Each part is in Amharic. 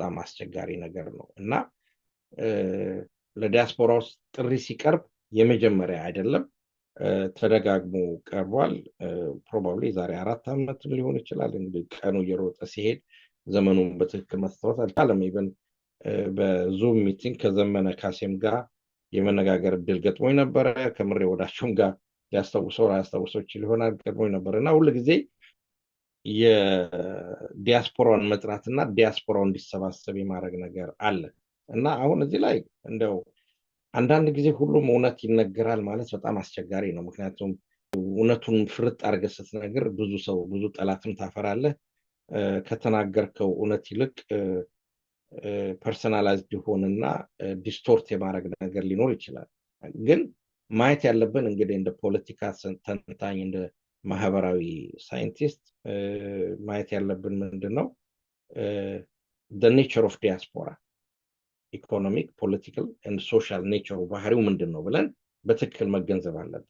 በጣም አስቸጋሪ ነገር ነው እና ለዲያስፖራ ውስጥ ጥሪ ሲቀርብ የመጀመሪያ አይደለም፣ ተደጋግሞ ቀርቧል። ፕሮባብሊ ዛሬ አራት ዓመት ሊሆን ይችላል። እንግዲህ ቀኑ እየሮጠ ሲሄድ ዘመኑን በትክክል ማስታወስ አልቻለም። ይበን በዙም ሚቲንግ ከዘመነ ካሴም ጋር የመነጋገር እድል ገጥሞኝ ነበረ። ከምሬ ወዳቸውም ጋር ሊያስታውሰው ላያስታውሰው ይችል ይሆናል ገጥሞኝ ነበር እና ሁሉ ጊዜ የዲያስፖራውን መጥራት ዲያስፖራው እንዲሰባሰብ የማድረግ ነገር አለ እና አሁን እዚህ ላይ እንደው አንዳንድ ጊዜ ሁሉም እውነት ይነገራል ማለት በጣም አስቸጋሪ ነው። ምክንያቱም እውነቱን ፍርጥ አርገ ስትነግር ብዙ ሰው ብዙ ጠላትም ታፈራለህ። ከተናገርከው እውነት ይልቅ ፐርሰናላይዝ ሊሆንና ዲስቶርት የማድረግ ነገር ሊኖር ይችላል። ግን ማየት ያለብን እንግዲህ እንደ ፖለቲካ ተንታኝ እንደ ማህበራዊ ሳይንቲስት ማየት ያለብን ምንድን ነው ኔቸር ኦፍ ዲያስፖራ ኢኮኖሚክ ፖለቲካል ን ሶሻል ኔቸሩ ባህሪው ምንድን ነው ብለን በትክክል መገንዘብ አለብን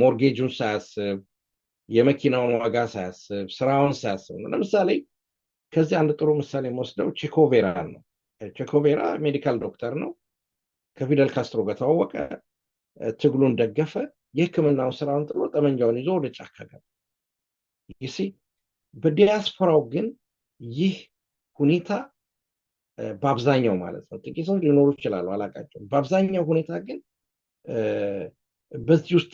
ሞርጌጁን ሳያስብ የመኪናውን ዋጋ ሳያስብ ስራውን ሳያስብ ነው ለምሳሌ ከዚህ አንድ ጥሩ ምሳሌ የምወስደው ቼኮቬራ ነው ቼኮቬራ ሜዲካል ዶክተር ነው ከፊደል ካስትሮ ጋር ተዋወቀ ትግሉን ደገፈ የህክምናውን ስራውን ጥሎ ጠመንጃውን ይዞ ወደ ጫካ ገባ። ይሲ በዲያስፖራው ግን ይህ ሁኔታ በአብዛኛው ማለት ነው፣ ጥቂት ሰዎች ሊኖሩ ይችላሉ አላቃቸው በአብዛኛው ሁኔታ ግን በዚህ ውስጥ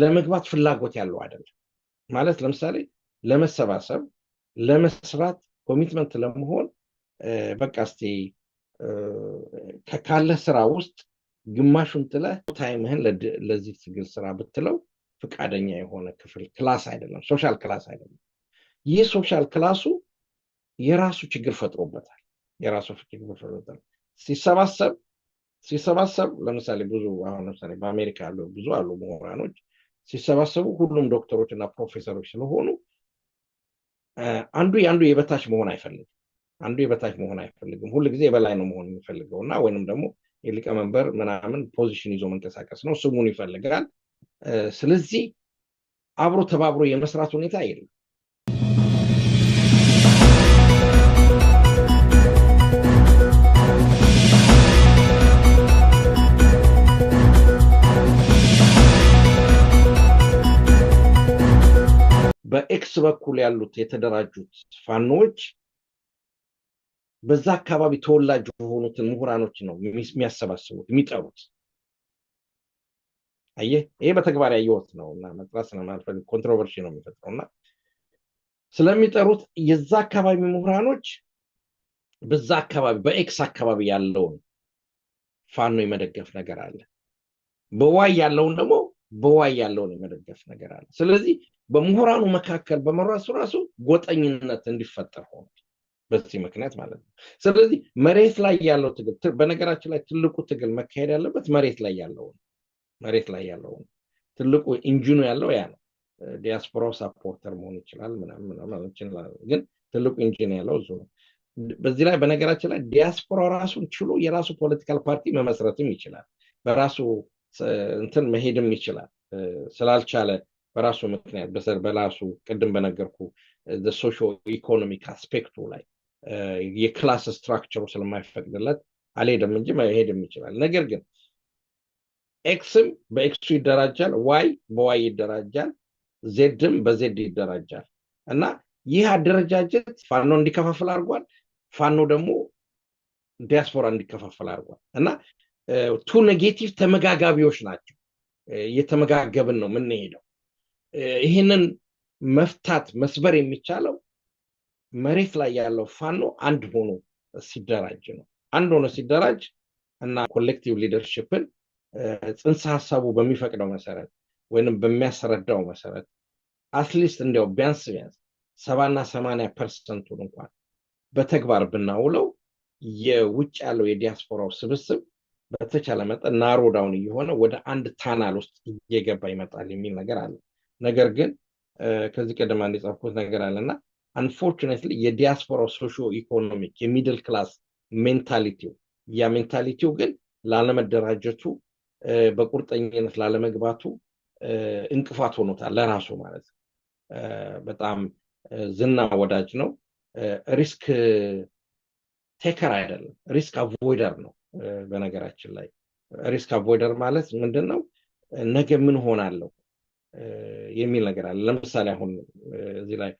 ለመግባት ፍላጎት ያለው አይደለም። ማለት ለምሳሌ ለመሰባሰብ፣ ለመስራት፣ ኮሚትመንት ለመሆን በቃ እስቲ ካለ ስራ ውስጥ ግማሹን ጥለህ ታይምህን ለዚህ ትግል ስራ ብትለው ፍቃደኛ የሆነ ክፍል ክላስ አይደለም፣ ሶሻል ክላስ አይደለም። ይህ ሶሻል ክላሱ የራሱ ችግር ፈጥሮበታል። የራሱ ችግር ፈጥሮበታል። ሲሰባሰብ ሲሰባሰብ ለምሳሌ ብዙ አሁን ለምሳሌ በአሜሪካ ያሉ ብዙ አሉ ምሁራኖች ሲሰባሰቡ ሁሉም ዶክተሮች እና ፕሮፌሰሮች ስለሆኑ አንዱ የአንዱ የበታች መሆን አይፈልግም። አንዱ የበታች መሆን አይፈልግም። ሁሉ ጊዜ የበላይ ነው መሆን የሚፈልገው እና ወይንም ደግሞ የሊቀመንበር ምናምን ፖዚሽን ይዞ መንቀሳቀስ ነው። ስሙን ይፈልጋል። ስለዚህ አብሮ ተባብሮ የመስራት ሁኔታ የለም። በኤክስ በኩል ያሉት የተደራጁት ፋኖዎች በዛ አካባቢ ተወላጅ የሆኑትን ምሁራኖች ነው የሚያሰባስቡት የሚጠሩት አየ ይሄ በተግባር ያየወት ነው እና መጥራት ስለማልፈልግ ኮንትሮቨርሲ ነው የሚፈጥረው እና ስለሚጠሩት የዛ አካባቢ ምሁራኖች በዛ አካባቢ በኤክስ አካባቢ ያለውን ፋኖ የመደገፍ ነገር አለ በዋይ ያለውን ደግሞ በዋይ ያለውን የመደገፍ ነገር አለ ስለዚህ በምሁራኑ መካከል በመራሱ ራሱ ጎጠኝነት እንዲፈጠር ሆኗል በዚህ ምክንያት ማለት ነው። ስለዚህ መሬት ላይ ያለው ትግል በነገራችን ላይ ትልቁ ትግል መካሄድ ያለበት መሬት ላይ ያለው መሬት ላይ ያለው ትልቁ ኢንጂኑ ያለው ያ ነው። ዲያስፖራው ሳፖርተር መሆን ይችላል ግን ትልቁ ኢንጂን ያለው እዙ ነው። በዚህ ላይ በነገራችን ላይ ዲያስፖራ ራሱን ችሎ የራሱ ፖለቲካል ፓርቲ መመስረትም ይችላል። በራሱ እንትን መሄድም ይችላል። ስላልቻለ በራሱ ምክንያት በራሱ ቅድም በነገርኩ ሶሽ ኢኮኖሚክ አስፔክቱ ላይ የክላስ ስትራክቸሩ ስለማይፈቅድለት አልሄድም እንጂ መሄድም ይችላል። ነገር ግን ኤክስም በኤክሱ ይደራጃል፣ ዋይ በዋይ ይደራጃል፣ ዜድም በዜድ ይደራጃል እና ይህ አደረጃጀት ፋኖ እንዲከፋፍል አድርጓል። ፋኖ ደግሞ ዲያስፖራ እንዲከፋፈል አድርጓል እና ቱ ኔጌቲቭ ተመጋጋቢዎች ናቸው። እየተመጋገብን ነው የምንሄደው። ይህንን መፍታት መስበር የሚቻለው መሬት ላይ ያለው ፋኖ አንድ ሆኖ ሲደራጅ ነው። አንድ ሆኖ ሲደራጅ እና ኮሌክቲቭ ሊደርሽፕን ጽንሰ ሀሳቡ በሚፈቅደው መሰረት ወይም በሚያስረዳው መሰረት አትሊስት እንዲያው ቢያንስ ቢያንስ ሰባና ሰማንያ ፐርሰንቱን እንኳን በተግባር ብናውለው የውጭ ያለው የዲያስፖራው ስብስብ በተቻለ መጠን ናሮዳውን እየሆነ ወደ አንድ ታናል ውስጥ እየገባ ይመጣል የሚል ነገር አለ። ነገር ግን ከዚህ ቀደም አንድ የጻፍኩት ነገር አለና አንፎርቹኔትሊ የዲያስፖራ ሶሾ ኢኮኖሚክ የሚድል ክላስ ሜንታሊቲው ያ ሜንታሊቲው ግን ላለመደራጀቱ በቁርጠኝነት ላለመግባቱ እንቅፋት ሆኖታል ለራሱ ማለት ነው በጣም ዝና ወዳጅ ነው ሪስክ ቴከር አይደለም ሪስክ አቮይደር ነው በነገራችን ላይ ሪስክ አቮይደር ማለት ምንድን ነው ነገ ምን ሆናለው የሚል ነገር አለ ለምሳሌ አሁን እዚህ ላይ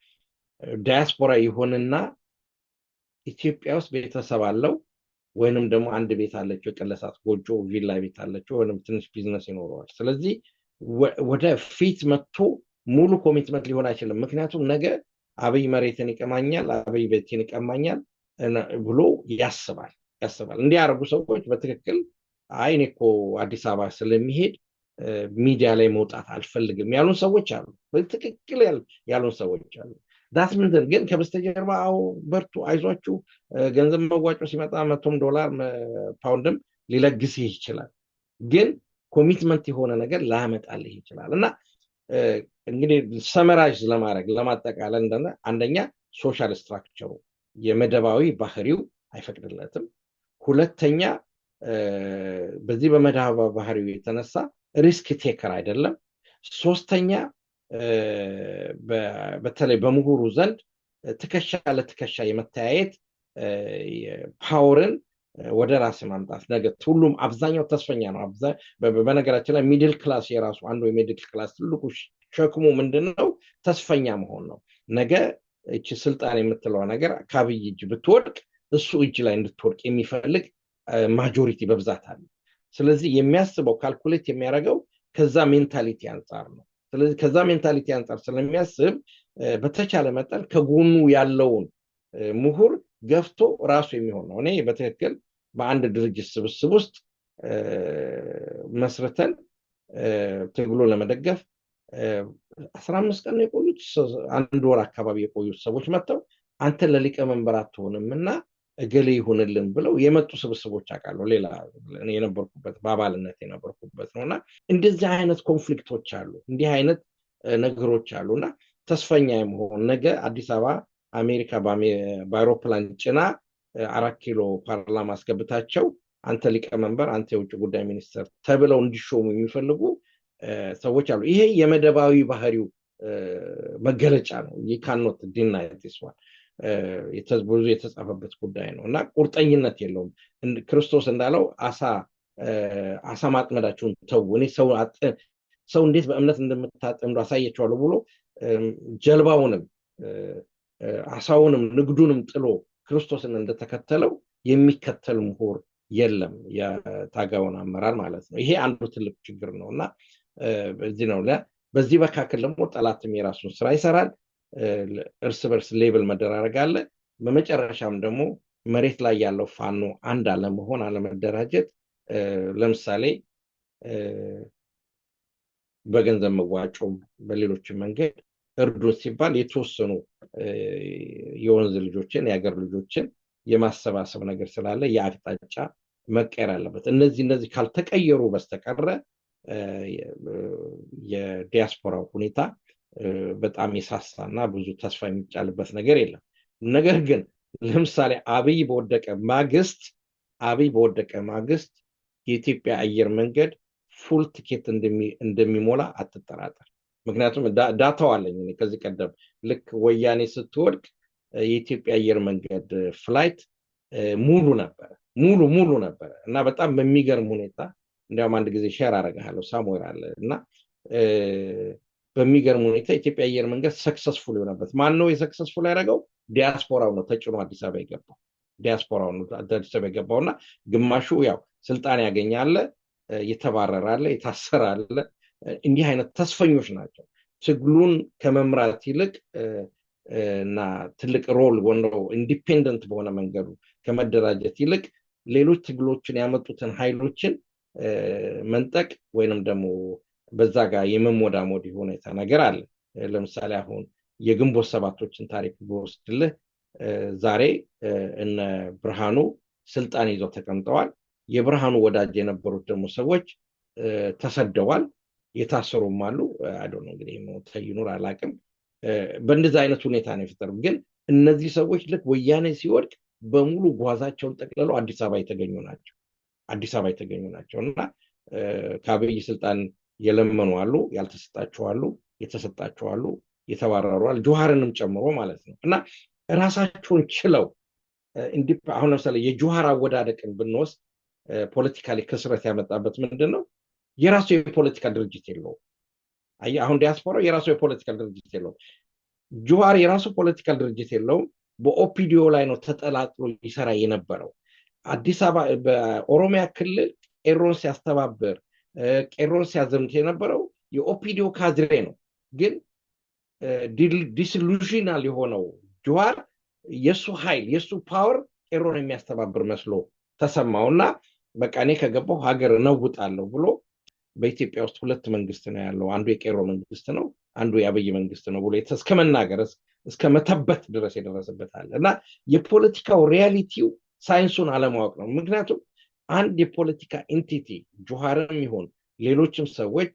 ዲያስፖራ ይሆንና ኢትዮጵያ ውስጥ ቤተሰብ አለው ወይንም ደግሞ አንድ ቤት አለችው፣ ቅለሳት ጎጆ ቪላ ቤት አለችው፣ ወይም ትንሽ ቢዝነስ ይኖረዋል። ስለዚህ ወደ ፊት መጥቶ ሙሉ ኮሚትመንት ሊሆን አይችልም። ምክንያቱም ነገ አብይ መሬትን ይቀማኛል፣ አብይ ቤትን ይቀማኛል ብሎ ያስባል ያስባል። እንዲያደርጉ ሰዎች በትክክል አይን እኮ አዲስ አበባ ስለሚሄድ ሚዲያ ላይ መውጣት አልፈልግም ያሉን ሰዎች አሉ። በትክክል ያሉን ሰዎች አሉ። ዳስ ምንድን ግን ከበስተጀርባ አዎ በርቱ አይዟችሁ ገንዘብ መዋጮ ሲመጣ መቶም ዶላር ፓውንድም ሊለግስ ይችላል ግን ኮሚትመንት የሆነ ነገር ላመጣልህ ይችላል እና እንግዲህ ሰመራጅ ለማድረግ ለማጠቃለል እንደ አንደኛ ሶሻል ስትራክቸሩ የመደባዊ ባህሪው አይፈቅድለትም ሁለተኛ በዚህ በመደባ ባህሪው የተነሳ ሪስክ ቴከር አይደለም ሶስተኛ በተለይ በምሁሩ ዘንድ ትከሻ ለትከሻ የመተያየት ፓወርን ወደ ራስ ማምጣት ነገ ሁሉም አብዛኛው ተስፈኛ ነው። በነገራችን ላይ ሚድል ክላስ የራሱ አንዱ የሚድል ክላስ ትልቁ ሸክሙ ምንድን ነው? ተስፈኛ መሆን ነው። ነገ እቺ ስልጣን የምትለው ነገር ከብይ እጅ ብትወድቅ እሱ እጅ ላይ እንድትወድቅ የሚፈልግ ማጆሪቲ በብዛት አለ። ስለዚህ የሚያስበው ካልኩሌት የሚያደርገው ከዛ ሜንታሊቲ አንጻር ነው። ስለዚህ ከዛ ሜንታሊቲ አንጻር ስለሚያስብ በተቻለ መጠን ከጎኑ ያለውን ምሁር ገፍቶ ራሱ የሚሆን ነው። እኔ በትክክል በአንድ ድርጅት ስብስብ ውስጥ መስርተን ትግሎ ለመደገፍ አስራ አምስት ቀን የቆዩት አንድ ወር አካባቢ የቆዩት ሰዎች መጥተው አንተ ለሊቀመንበር አትሆንም እና እገሌ ይሁንልን ብለው የመጡ ስብስቦች አውቃለሁ። ሌላ የነበርኩበት በአባልነት የነበርኩበት ነው እና እንደዚህ አይነት ኮንፍሊክቶች አሉ፣ እንዲህ አይነት ነገሮች አሉ እና ተስፈኛ የመሆን ነገ አዲስ አበባ አሜሪካ በአይሮፕላን ጭና አራት ኪሎ ፓርላማ አስገብታቸው አንተ ሊቀመንበር፣ አንተ የውጭ ጉዳይ ሚኒስትር ተብለው እንዲሾሙ የሚፈልጉ ሰዎች አሉ። ይሄ የመደባዊ ባህሪው መገለጫ ነው። ይካኖት ዲናይት ብዙ የተጻፈበት ጉዳይ ነው እና ቁርጠኝነት የለውም። ክርስቶስ እንዳለው አሳ አሳ ማጥመዳችሁን ተው፣ እኔ ሰው እንዴት በእምነት እንደምታጠምዱ አሳየችዋሉ ብሎ ጀልባውንም አሳውንም ንግዱንም ጥሎ ክርስቶስን እንደተከተለው የሚከተል ምሁር የለም፣ የታጋውን አመራር ማለት ነው። ይሄ አንዱ ትልቅ ችግር ነው እና በዚህ ነው በዚህ መካከል ደግሞ ጠላትም የራሱን ስራ ይሰራል። እርስ በርስ ሌብል መደራረግ አለ። በመጨረሻም ደግሞ መሬት ላይ ያለው ፋኖ አንድ አለመሆን፣ አለመደራጀት ለምሳሌ በገንዘብ መዋጮም በሌሎች መንገድ እርዱን ሲባል የተወሰኑ የወንዝ ልጆችን የሀገር ልጆችን የማሰባሰብ ነገር ስላለ የአቅጣጫ መቀየር አለበት። እነዚህ እነዚህ ካልተቀየሩ በስተቀረ የዲያስፖራው ሁኔታ በጣም የሳሳ እና ብዙ ተስፋ የሚጫልበት ነገር የለም። ነገር ግን ለምሳሌ አብይ በወደቀ ማግስት አብይ በወደቀ ማግስት የኢትዮጵያ አየር መንገድ ፉል ቲኬት እንደሚሞላ አትጠራጠር። ምክንያቱም ዳታው አለኝ ከዚህ ቀደም ልክ ወያኔ ስትወድቅ የኢትዮጵያ አየር መንገድ ፍላይት ሙሉ ነበረ ሙሉ ሙሉ ነበረ እና በጣም በሚገርም ሁኔታ እንዲያውም አንድ ጊዜ ሸር አረጋለሁ ሳሞራለ እና በሚገርም ሁኔታ የኢትዮጵያ አየር መንገድ ሰክሰስፉል የሆነበት ማን ነው የሰክሰስፉል ያደረገው? ዲያስፖራው ነው። ተጭኖ አዲስ አበባ የገባው ዲያስፖራው ነው አዲስ አበባ የገባው እና ግማሹ ያው ስልጣን ያገኛለ፣ የተባረራለ፣ የታሰራለ እንዲህ አይነት ተስፈኞች ናቸው። ትግሉን ከመምራት ይልቅ እና ትልቅ ሮል ወነው ኢንዲፔንደንት በሆነ መንገዱ ከመደራጀት ይልቅ ሌሎች ትግሎችን ያመጡትን ኃይሎችን መንጠቅ ወይንም ደግሞ በዛ ጋር የመሞዳሞድ ሁኔታ ነገር አለ ለምሳሌ አሁን የግንቦት ሰባቶችን ታሪክ በወስድልህ ዛሬ እነ ብርሃኑ ስልጣን ይዘው ተቀምጠዋል የብርሃኑ ወዳጅ የነበሩት ደግሞ ሰዎች ተሰደዋል የታሰሩም አሉ አዶ ነው እንግዲህ ተይኑር አላቅም በእንደዚህ አይነት ሁኔታ ነው የፈጠሩ ግን እነዚህ ሰዎች ልክ ወያኔ ሲወድቅ በሙሉ ጓዛቸውን ጠቅለለው አዲስ አበባ የተገኙ ናቸው አዲስ አበባ የተገኙ ናቸው እና ከአብይ ስልጣን የለመኑ አሉ፣ ያልተሰጣቸው አሉ፣ የተሰጣቸው አሉ፣ የተባረሩ አሉ፣ ጆሃርንም ጨምሮ ማለት ነው እና ራሳቸውን ችለው አሁን ለምሳሌ የጆሃር አወዳደቅን ብንወስድ ፖለቲካሊ ክስረት ያመጣበት ምንድን ነው? የራሱ የፖለቲካ ድርጅት የለውም። አሁን ዲያስፖራው የራሱ የፖለቲካ ድርጅት የለውም። ጆሃር የራሱ ፖለቲካ ድርጅት የለውም። በኦፒዲዮ ላይ ነው ተጠላጥሎ ይሰራ የነበረው። አዲስ አበባ በኦሮሚያ ክልል ቄሮን ሲያስተባብር ቄሮን ሲያዘምት የነበረው የኦፒዲዮ ካድሬ ነው። ግን ዲስሉዥናል የሆነው ጅዋር የእሱ ኃይል የእሱ ፓወር ቄሮን የሚያስተባብር መስሎ ተሰማው እና በቃ እኔ ከገባው ሀገር እነውጣለሁ ብሎ በኢትዮጵያ ውስጥ ሁለት መንግስት ነው ያለው፣ አንዱ የቄሮ መንግስት ነው፣ አንዱ የአብይ መንግስት ነው ብሎ እስከ መናገር እስከ መተበት ድረስ አለ እና የፖለቲካው ሪያሊቲው ሳይንሱን አለማወቅ ነው። ምክንያቱም አንድ የፖለቲካ ኤንቲቲ ጆሃርም ይሆን ሌሎችም ሰዎች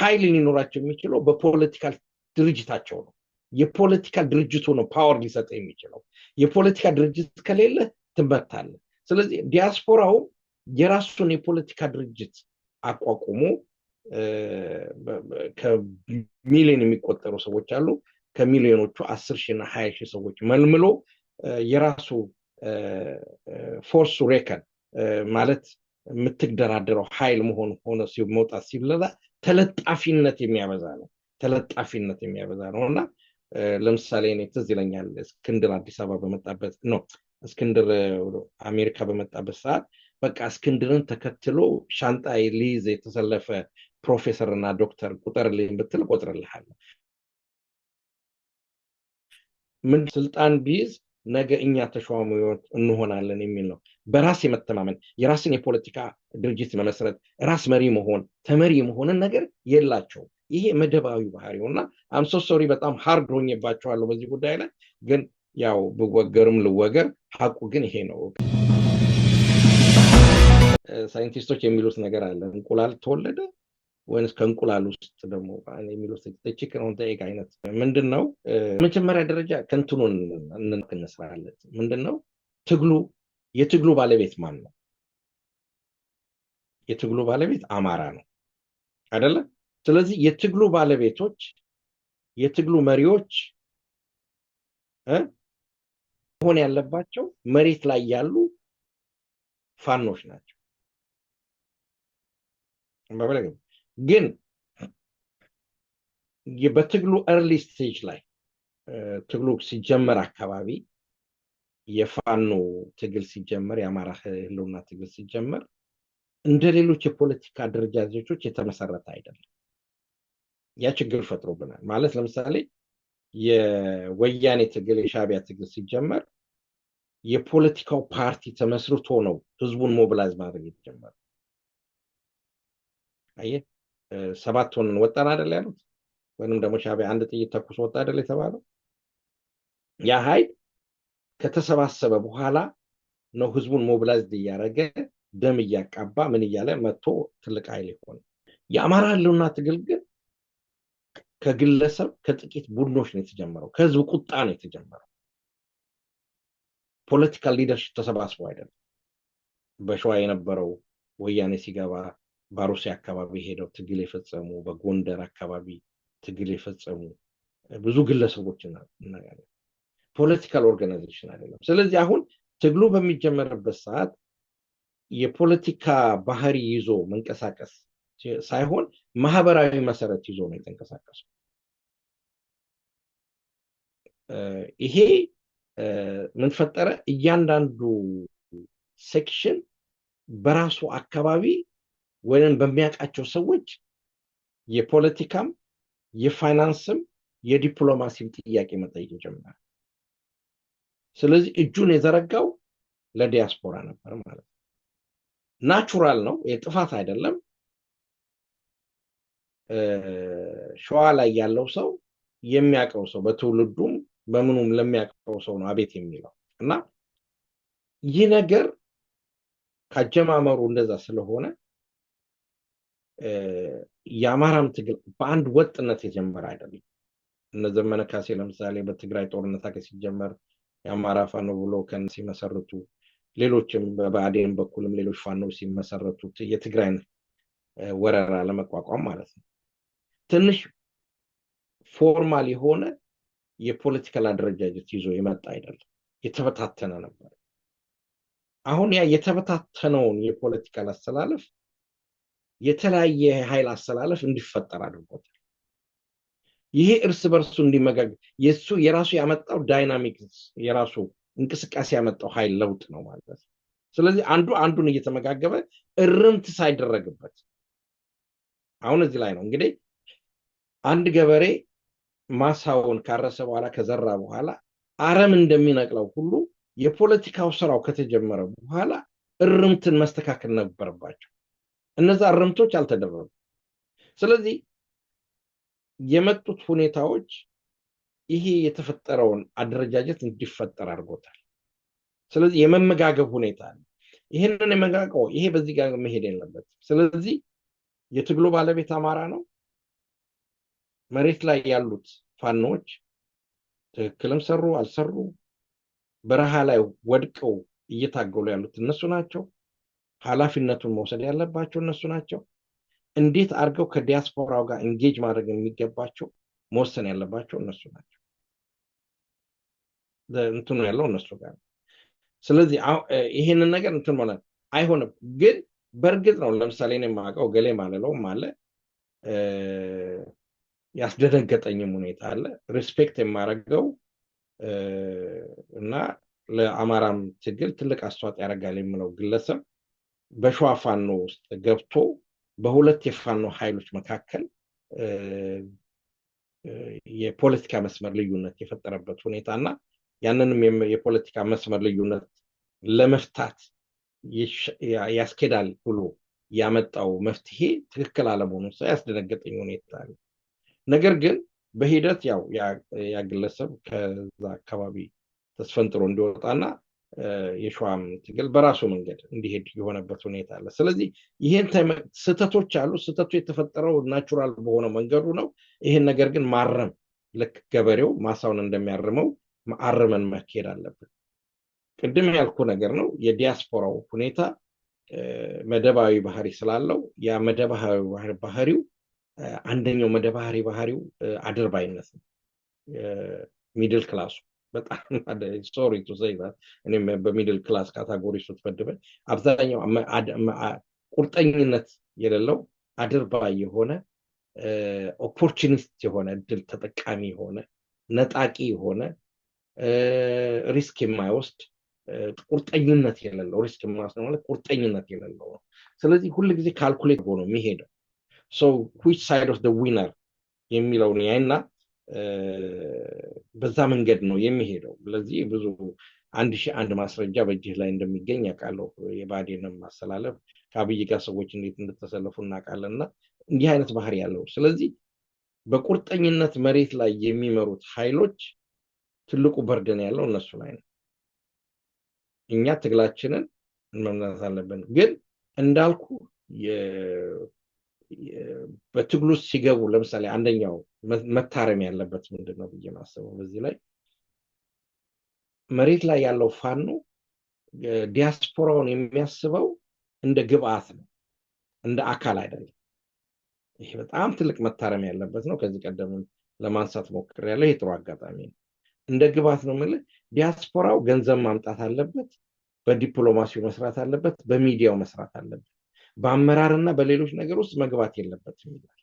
ሀይል ሊኖራቸው የሚችለው በፖለቲካል ድርጅታቸው ነው። የፖለቲካ ድርጅቱ ነው ፓወር ሊሰጠ የሚችለው። የፖለቲካ ድርጅት ከሌለ ትመታለ። ስለዚህ ዲያስፖራው የራሱን የፖለቲካ ድርጅት አቋቁሞ ከሚሊዮን የሚቆጠሩ ሰዎች አሉ። ከሚሊዮኖቹ አስር ሺና ሀያ ሺህ ሰዎች መልምሎ የራሱ ፎርሱ ሬከርድ ማለት የምትደራደረው ሀይል መሆን ሆነ መውጣት ሲበዛ ተለጣፊነት የሚያበዛ ነው። ተለጣፊነት የሚያበዛ ነው እና ለምሳሌ እኔ ትዝ ይለኛል እስክንድር አዲስ አበባ በመጣበት ነው እስክንድር አሜሪካ በመጣበት ሰዓት በቃ እስክንድርን ተከትሎ ሻንጣ ሊይዝ የተሰለፈ ፕሮፌሰር እና ዶክተር ቁጠርልኝ ብትል ቆጥርልሃለሁ። ምን ስልጣን ቢይዝ ነገ እኛ ተሿሚዎች እንሆናለን የሚል ነው። በራስ የመተማመን የራስን የፖለቲካ ድርጅት መመስረት፣ ራስ መሪ መሆን፣ ተመሪ መሆንን ነገር የላቸውም። ይሄ መደባዊ ባህሪው እና አምሶ ሶሪ በጣም ሀርድ ሆኝባቸዋለሁ በዚህ ጉዳይ ላይ ግን ያው ብወገርም ልወገር፣ ሀቁ ግን ይሄ ነው። ሳይንቲስቶች የሚሉት ነገር አለ እንቁላል ተወለደ ወይንስ ከእንቁላል ውስጥ ደግሞ የሚሉት ቺክን ኦን ዘ አይነት ምንድን ነው? መጀመሪያ ደረጃ ከንትኑን እንስራለት ምንድን ነው ትግሉ የትግሉ ባለቤት ማን ነው? የትግሉ ባለቤት አማራ ነው አደለ ስለዚህ የትግሉ ባለቤቶች የትግሉ መሪዎች መሆን ያለባቸው መሬት ላይ ያሉ ፋኖች ናቸው። ግን በትግሉ ኤርሊ ስቴጅ ላይ ትግሉ ሲጀመር አካባቢ የፋኖ ትግል ሲጀመር የአማራ ህልውና ትግል ሲጀመር እንደ ሌሎች የፖለቲካ አደረጃጀቶች የተመሰረተ አይደለም። ያ ችግር ፈጥሮብናል። ማለት ለምሳሌ የወያኔ ትግል የሻቢያ ትግል ሲጀመር የፖለቲካው ፓርቲ ተመስርቶ ነው ህዝቡን ሞብላይዝ ማድረግ የተጀመረ። ሰባቱን ወጣን አደለ ያሉት ወይም ደግሞ ሻቢያ አንድ ጥይት ተኩስ ወጣ አደለ የተባለው ያ ሀይል ከተሰባሰበ በኋላ ነው ህዝቡን ሞብላይዝ እያደረገ ደም እያቃባ ምን እያለ መጥቶ ትልቅ ሀይል የሆነ የአማራ ህልውና ትግል ግን ከግለሰብ ከጥቂት ቡድኖች ነው የተጀመረው ከህዝብ ቁጣ ነው የተጀመረው ፖለቲካል ሊደርሽፕ ተሰባስቦ አይደለም በሸዋ የነበረው ወያኔ ሲገባ በአሮሴ አካባቢ ሄደው ትግል የፈጸሙ በጎንደር አካባቢ ትግል የፈጸሙ ብዙ ግለሰቦች እናያለን። ፖለቲካል ኦርጋናይዜሽን አይደለም። ስለዚህ አሁን ትግሉ በሚጀመርበት ሰዓት የፖለቲካ ባህሪ ይዞ መንቀሳቀስ ሳይሆን ማህበራዊ መሰረት ይዞ ነው የተንቀሳቀሱ። ይሄ ምንፈጠረ እያንዳንዱ ሴክሽን በራሱ አካባቢ ወይም በሚያውቃቸው ሰዎች የፖለቲካም የፋይናንስም የዲፕሎማሲም ጥያቄ መጠየቅ ጀምራል። ስለዚህ እጁን የዘረጋው ለዲያስፖራ ነበር ማለት ነው። ናቹራል ነው፣ የጥፋት አይደለም። ሸዋ ላይ ያለው ሰው የሚያውቀው ሰው በትውልዱም በምኑም ለሚያውቀው ሰው ነው አቤት የሚለው እና ይህ ነገር ከአጀማመሩ እንደዛ ስለሆነ የአማራም ትግል በአንድ ወጥነት የጀመረ አይደለም። እነ ዘመነ ካሴ ለምሳሌ በትግራይ ጦርነት አገ ሲጀመር የአማራ ፋኖ ብሎ ከን ሲመሰርቱ፣ ሌሎችም በብአዴን በኩልም ሌሎች ፋኖች ሲመሰረቱ የትግራይን ወረራ ለመቋቋም ማለት ነው። ትንሽ ፎርማል የሆነ የፖለቲካል አደረጃጀት ይዞ የመጣ አይደለም፣ የተበታተነ ነበር። አሁን ያ የተበታተነውን የፖለቲካል አስተላለፍ የተለያየ ኃይል አሰላለፍ እንዲፈጠር አድርጎታል። ይሄ እርስ በርሱ እንዲመጋግ የሱ የራሱ ያመጣው ዳይናሚክስ የራሱ እንቅስቃሴ ያመጣው ኃይል ለውጥ ነው ማለት ነው። ስለዚህ አንዱ አንዱን እየተመጋገበ እርምት ሳይደረግበት አሁን እዚህ ላይ ነው እንግዲህ አንድ ገበሬ ማሳውን ካረሰ በኋላ ከዘራ በኋላ አረም እንደሚነቅለው ሁሉ የፖለቲካው ስራው ከተጀመረ በኋላ እርምትን መስተካከል ነበረባቸው። እነዛ እርምቶች አልተደረጉ ስለዚህ የመጡት ሁኔታዎች ይሄ የተፈጠረውን አደረጃጀት እንዲፈጠር አድርጎታል። ስለዚህ የመመጋገብ ሁኔታ አለ። ይህንን የመጋቀው ይሄ በዚህ ጋር መሄድ የለበት ስለዚህ የትግሉ ባለቤት አማራ ነው። መሬት ላይ ያሉት ፋኖዎች ትክክልም ሰሩ አልሰሩ፣ በረሃ ላይ ወድቀው እየታገሉ ያሉት እነሱ ናቸው። ኃላፊነቱን መውሰድ ያለባቸው እነሱ ናቸው። እንዴት አድርገው ከዲያስፖራው ጋር እንጌጅ ማድረግ የሚገባቸው መወሰን ያለባቸው እነሱ ናቸው። እንትኑ ያለው እነሱ ጋር። ስለዚህ ይህንን ነገር እንትን ማለት አይሆንም። ግን በእርግጥ ነው ለምሳሌ እኔ የማውቀው ገሌ ማለለው አለ ያስደነገጠኝም ሁኔታ አለ። ሪስፔክት የማደርገው እና ለአማራም ትግል ትልቅ አስተዋጽኦ ያደርጋል የምለው ግለሰብ በሸዋ ፋኖ ውስጥ ገብቶ በሁለት የፋኖ ኃይሎች መካከል የፖለቲካ መስመር ልዩነት የፈጠረበት ሁኔታ እና ያንንም የፖለቲካ መስመር ልዩነት ለመፍታት ያስኬዳል ብሎ ያመጣው መፍትሄ ትክክል አለመሆኑ ሰ ያስደነገጠኝ ሁኔታ ነገር ግን በሂደት ያው ያ ግለሰብ ከዛ አካባቢ ተስፈንጥሮ እንዲወጣና የሸዋም ትግል በራሱ መንገድ እንዲሄድ የሆነበት ሁኔታ አለ። ስለዚህ ይህን ስህተቶች አሉ። ስህተቱ የተፈጠረው ናቹራል በሆነ መንገዱ ነው። ይህን ነገር ግን ማረም ልክ ገበሬው ማሳውን እንደሚያርመው አርመን መካሄድ አለብን። ቅድም ያልኩ ነገር ነው። የዲያስፖራው ሁኔታ መደባዊ ባህሪ ስላለው ያ መደባዊ ባህሪው አንደኛው መደባዊ ባህሪው አድርባይነት ነው። ሚድል ክላሱ በጣም ሶሪ ቱ ሴይ እኔም በሚድል ክላስ ካታጎሪ ስትመድበኝ አብዛኛው ቁርጠኝነት የሌለው አድርባይ የሆነ ኦፖርቹኒስት የሆነ እድል ተጠቃሚ የሆነ ነጣቂ የሆነ ሪስክ የማይወስድ ቁርጠኝነት የሌለው ሪስክ የማይወስድ ማለት ቁርጠኝነት የሌለው ነው። ስለዚህ ሁሉ ጊዜ ካልኩሌት ሆኖ የሚሄደው ሰው ዊች ሳይድ ኦፍ ዊነር የሚለውን ያይና በዛ መንገድ ነው የሚሄደው። ስለዚህ ብዙ አንድ ሺህ አንድ ማስረጃ በእጅህ ላይ እንደሚገኝ ያውቃለሁ። የባዴንም ማሰላለፍ ከአብይ ጋር ሰዎች እንዴት እንደተሰለፉ እናውቃለን እና እንዲህ አይነት ባህሪ ያለው ስለዚህ በቁርጠኝነት መሬት ላይ የሚመሩት ኃይሎች ትልቁ በርደን ያለው እነሱ ላይ ነው። እኛ ትግላችንን መምናት አለብን። ግን እንዳልኩ በትግል ውስጥ ሲገቡ ለምሳሌ አንደኛው መታረም ያለበት ምንድን ነው ብዬ ማስበው በዚህ ላይ መሬት ላይ ያለው ፋኖ ዲያስፖራውን የሚያስበው እንደ ግብአት ነው፣ እንደ አካል አይደለም። ይሄ በጣም ትልቅ መታረም ያለበት ነው። ከዚህ ቀደም ለማንሳት ሞክር ያለው የጥሩ አጋጣሚ ነው። እንደ ግብአት ነው የምልህ። ዲያስፖራው ገንዘብ ማምጣት አለበት፣ በዲፕሎማሲው መስራት አለበት፣ በሚዲያው መስራት አለበት። በአመራርና በሌሎች ነገር ውስጥ መግባት የለበትም ይላል።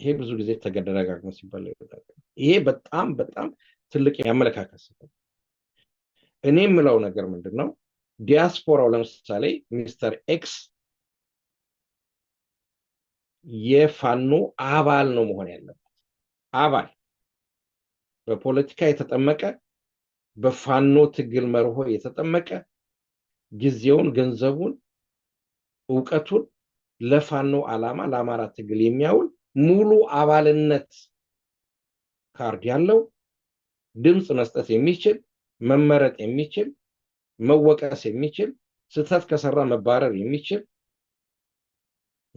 ይሄ ብዙ ጊዜ ተደጋግሞ ሲባል ይሄ በጣም በጣም ትልቅ የአመለካከት እኔ የምለው ነገር ምንድን ነው? ዲያስፖራው ለምሳሌ ሚስተር ኤክስ የፋኖ አባል ነው መሆን ያለበት። አባል በፖለቲካ የተጠመቀ በፋኖ ትግል መርሆ የተጠመቀ ጊዜውን፣ ገንዘቡን፣ እውቀቱን ለፋኖ ዓላማ ለአማራ ትግል የሚያውል ሙሉ አባልነት ካርድ ያለው ድምፅ መስጠት የሚችል መመረጥ የሚችል መወቀስ የሚችል ስህተት ከሰራ መባረር የሚችል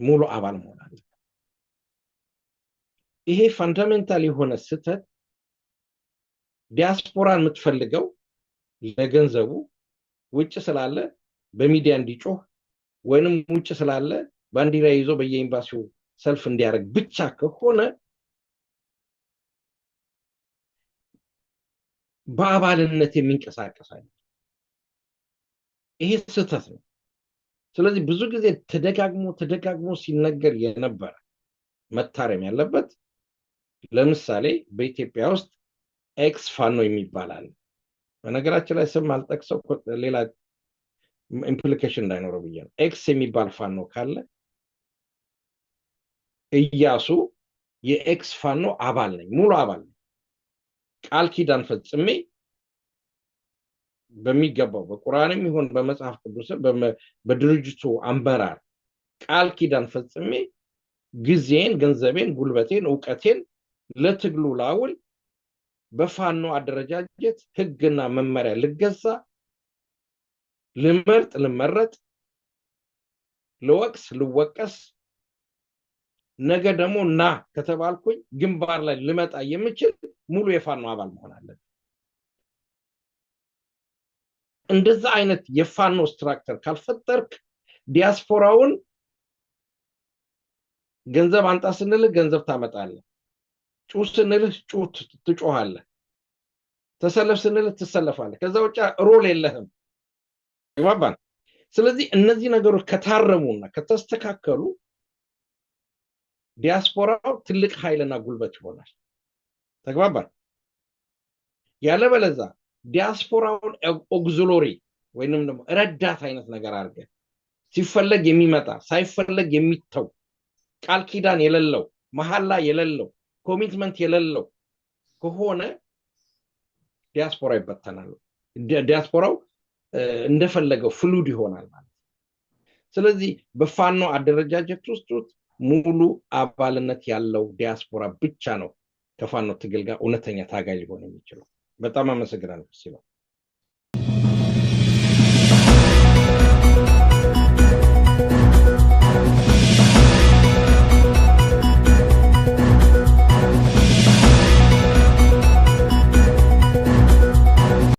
ሙሉ አባል መሆን አለበት። ይሄ ፈንዳሜንታል የሆነ ስህተት ዲያስፖራን የምትፈልገው ለገንዘቡ ውጭ ስላለ በሚዲያ እንዲጮህ ወይንም ውጭ ስላለ ባንዲራ ይዞ በየኤምባሲው ሰልፍ እንዲያደርግ ብቻ ከሆነ በአባልነት የሚንቀሳቀሳል። ይሄ ስህተት ነው። ስለዚህ ብዙ ጊዜ ተደጋግሞ ተደጋግሞ ሲነገር የነበረ መታረም ያለበት ለምሳሌ በኢትዮጵያ ውስጥ ኤክስ ፋኖ የሚባል በነገራችን ላይ ስም አልጠቅሰው ሌላ ኢምፕሊኬሽን እንዳይኖረው ብዬ ነው። ኤክስ የሚባል ፋኖ ካለ እያሱ የኤክስ ፋኖ አባል ነኝ፣ ሙሉ አባል ነኝ። ቃል ኪዳን ፈጽሜ በሚገባው በቁርአንም ይሁን በመጽሐፍ ቅዱስ በድርጅቱ አመራር ቃል ኪዳን ፈጽሜ ጊዜን፣ ገንዘቤን፣ ጉልበቴን፣ እውቀቴን ለትግሉ ላውል በፋኖ አደረጃጀት ህግና መመሪያ ልገዛ ልመርጥ ልመረጥ፣ ልወቅስ ልወቀስ፣ ነገ ደግሞ ና ከተባልኩኝ ግንባር ላይ ልመጣ የምችል ሙሉ የፋኖ አባል መሆን አለብን። እንደዛ አይነት የፋኖ ስትራክቸር ካልፈጠርክ ዲያስፖራውን ገንዘብ አንጣ ስንልህ ገንዘብ ታመጣለህ፣ ጩ ስንልህ ጩህ ትጮሃለህ፣ ተሰለፍ ስንልህ ትሰለፋለህ። ከዛ ውጭ ሮል የለህም። ግባባን። ስለዚህ እነዚህ ነገሮች ከታረሙና ከተስተካከሉ ዲያስፖራው ትልቅ ኃይልና ጉልበት ይሆናል። ተግባባን። ያለበለዛ ዲያስፖራውን ኦግዞሎሪ ወይንም ደግሞ ረዳት አይነት ነገር አድርገ ሲፈለግ የሚመጣ ሳይፈለግ የሚተው ቃል ኪዳን የሌለው መሀላ የሌለው ኮሚትመንት የሌለው ከሆነ ዲያስፖራ ይበተናል። ዲያስፖራው እንደፈለገው ፍሉድ ይሆናል ማለት ስለዚህ በፋኖ አደረጃጀት ውስጥ ሙሉ አባልነት ያለው ዲያስፖራ ብቻ ነው ከፋኖ ትግል ጋር እውነተኛ ታጋይ ሊሆን የሚችለው በጣም አመሰግናለሁ ሲለው